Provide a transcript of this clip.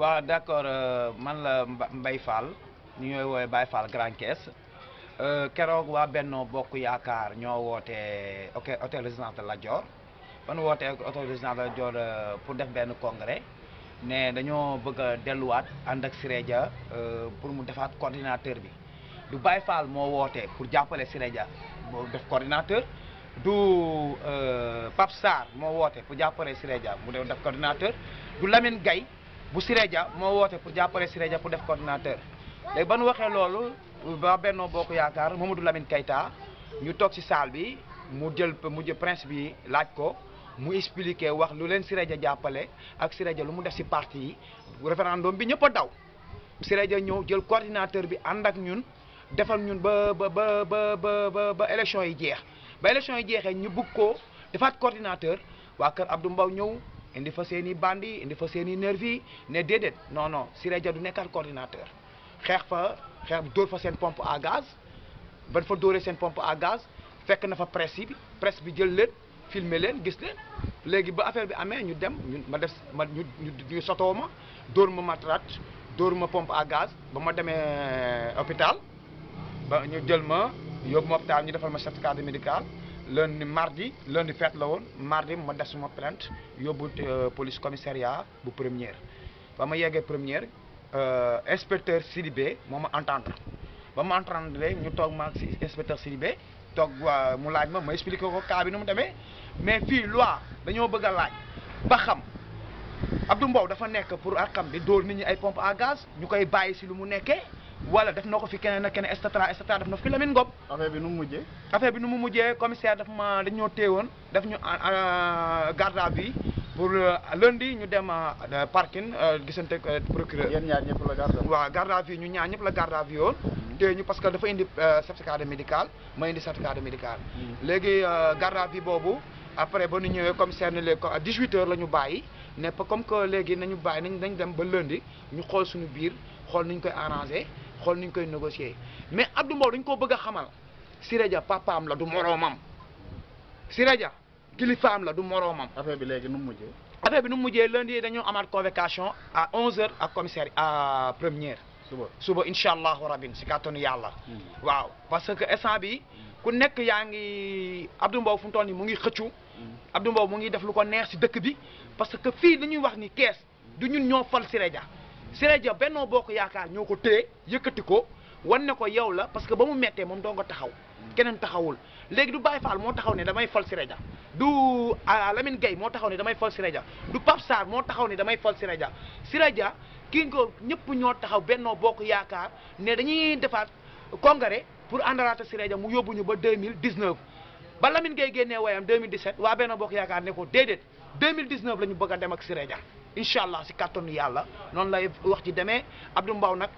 waa d' accord euh, man la mbay Fall ñu ñooy woowee Baye Fall Grand Caisse euh, keroog waa Benno Bokk Yaakaar ñoo woote ok hôtel résidence de Lat Dior ban woote hôtel résidence de Lat Dior euh, pour def benn congrès ne dañoo bëgg a delluwaat ànd ak Siré Dia pour mu defaat coordinateur bi du Baye Fall moo woote pour jàppale Siré Dia moo def coordinateur du Pape Sarr moo woote pour jàppale Siré Dia mu def coordinateur du Lamine Gaye bu Siré ja moo woote pour jàppale Siré Dia pour def coordinateur léegi ba nu waxee loolu ba Benno Bokk Yaakaar Mamadou Lamine Keita ñu toog ci salle bi mu jël mu jël prince bi laaj ko mu expliqué wax lu leen Siré Dia jàppale ak Siré Dia lu mu def ci parti yi référendum bi ñëpp a daw Siré Dia ñëw jël coordinateur bi ànd ak ñun defal ñun ba ba ba ba yi jeex ba élection yi jeexee ñu bugg ko defaat coordinateur waa kër Abdou Mbow ñëw. indi fa seen i bandi indi fa seen i nervi ne déedéet non non Siré Dia du nekkaat coordinateur xeex fa xeex door fa seen pompe à gaz ban fa dóoree seen pompe à gaz fekk na fa presse bi presse bi jël leen filmer leen gis leen léegi ba affaire bi amee ñu dem ñu ma def ma ñu ñu sotoo ma dóor ma matraque door ma pompe à gaz ba ma demee euh, hôpital ba ñu jël ma yóbbu ma hôpital ñu defal ma certificat médical lundi mardi lundi fête la woon mardi ma des suma plainte yóbbu euh, police commissariat bu première ba ma yeggee première euh, inspecteur Sidibé moom ma entendre ba ma entendre ñu toog ma si inspecteur Sidibé toog waa mu laaj ma ma expliqué ko cas bi nu mu demee mais fii loi dañoo bëgg a laaj ba xam Abdou Mbow dafa nekk pour arkam di dóor nit ñi ay pompe à gaz ñu koy bàyyi si lu mu nekkee wala def na ko fi keneen ak keneen et cetera et cetera def na ko fi Lamine Ngom. affaire bi nu mu mujjee. affaire bi nu mu mujjee commissaire daf ma dañoo téewoon daf ñu ah, ah, garde à pour euh, lundi ñu dem euh, parking euh, gisante procureur. yéen ñaar ñëpp la garde à vue. waaw garde à ñu ñaar ñëpp la garde à vue yoon. Mm-hmm. te ñu parce que dafa indi certificat de médical ma indi certificat de médical. Mm-hmm. léegi garde à boobu après ba nu ñëwee commissaire ne léegi à 18 heures la ñu bàyyi ne comme que léegi nañu bàyyi nañ nañ dem ba lundi ñu xool suñu biir xool nuñ koy arrangé. xool nuñ koy négocier mais Abdou Mbow dañ koo bëgg a xamal Siré Dia papaam la du moroomam Siré Dia kilifaam la du moroomam. affaire bi léegi nu mu mujjee. affaire bi nu mu mujjee lundi dañoo amaat convocation à 11h ak commissaire à première. suba suba incha allahu rabin si kàttanu yàlla. Hmm. waaw parce que instant bi hmm. ku nekk yaa ngi Abdou Mbow fu mu toll nii mu ngi xëccu. Hmm. Abdou Mbow mu ngi def lu ko neex si dëkk bi parce que fii dañuy wax ni kees du ñun ñoo fal Siré ja Siré Dia Benno Bokk Yaakaar ñoo ko téye yëkkati ko wan ne ko yow la parce que ba mu mettee moom doo nga taxaw keneen taxawul léegi du Baye Fall moo taxaw ne damay fal Siré Dia du ah, Lamine Gueye moo taxaw ne damay fal Siré Dia du Pape Sarr moo taxaw ne damay fal Siré Dia Siré Dia ki nga ko ñëpp ñoo taxaw Benno Bokk Yaakaar ne dañuy defaat congrès pour àndalaata Siré Dia mu yóbbu ñu ba 2019 ba Lamine Gueye génnee wayam waa Benno Bokk Yaakaar ne ko déedéet 2019 la ñu bëgg a dem ak Siré Dia incha allah si kàttanu yàlla noonu lay wax ci demee Abdou Mbaw nag